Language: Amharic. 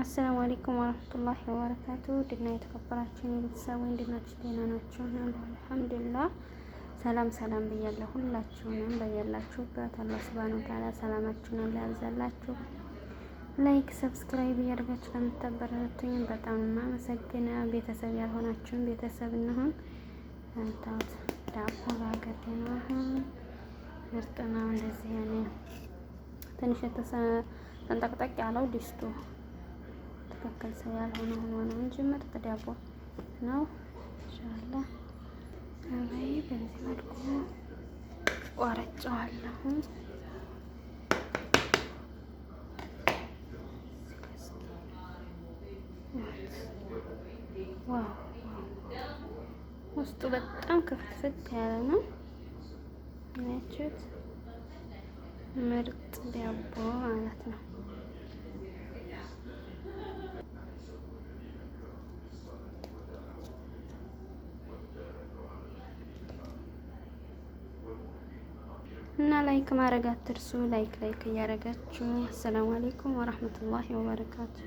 አሰላሙ አለይኩም ወረህመቱላሂ ወበረካቱ ድና የተከበራችሁ ቤተሰቡ እንድናችሁ ጤና ናችሁ? አልሐምዱሊላህ ሰላም ሰላም ብያለሁ። ሁላችሁንም በያላችሁበት አላህ ሱብሃነሁ ወተዓላ ሰላማችሁን አላህ ያብዛላችሁ። ላይክ ሰብስክራይብ እያደረጋችሁ ለምታበረታቱኝ በጣም የማመሰግነው። ቤተሰብ ያልሆናችሁን ቤተሰብ እንሁን። ታውት ዳቦ በሀገር ጤና ምርጥ ነው። እንደዚህ ያኔ ትንሽ ተንጠቅጠቅ ያለው ድስቱ ትክክል ሰው ያልሆነ ሆኖ ነው እንጂ ምርጥ ዳቦ ነው። እንሻላ አባይ በዚህ መልኩ ቆርጬዋለሁ። ዋው ውስጡ በጣም ክፍትፍት ያለ ነው። ምርጥ ዳቦ ማለት ነው። እና ላይክ ማድረግ አትርሱ። ላይክ ላይክ እያደረጋችሁ። አሰላሙ አሌይኩም ወረህመቱላሂ ወበረካቱ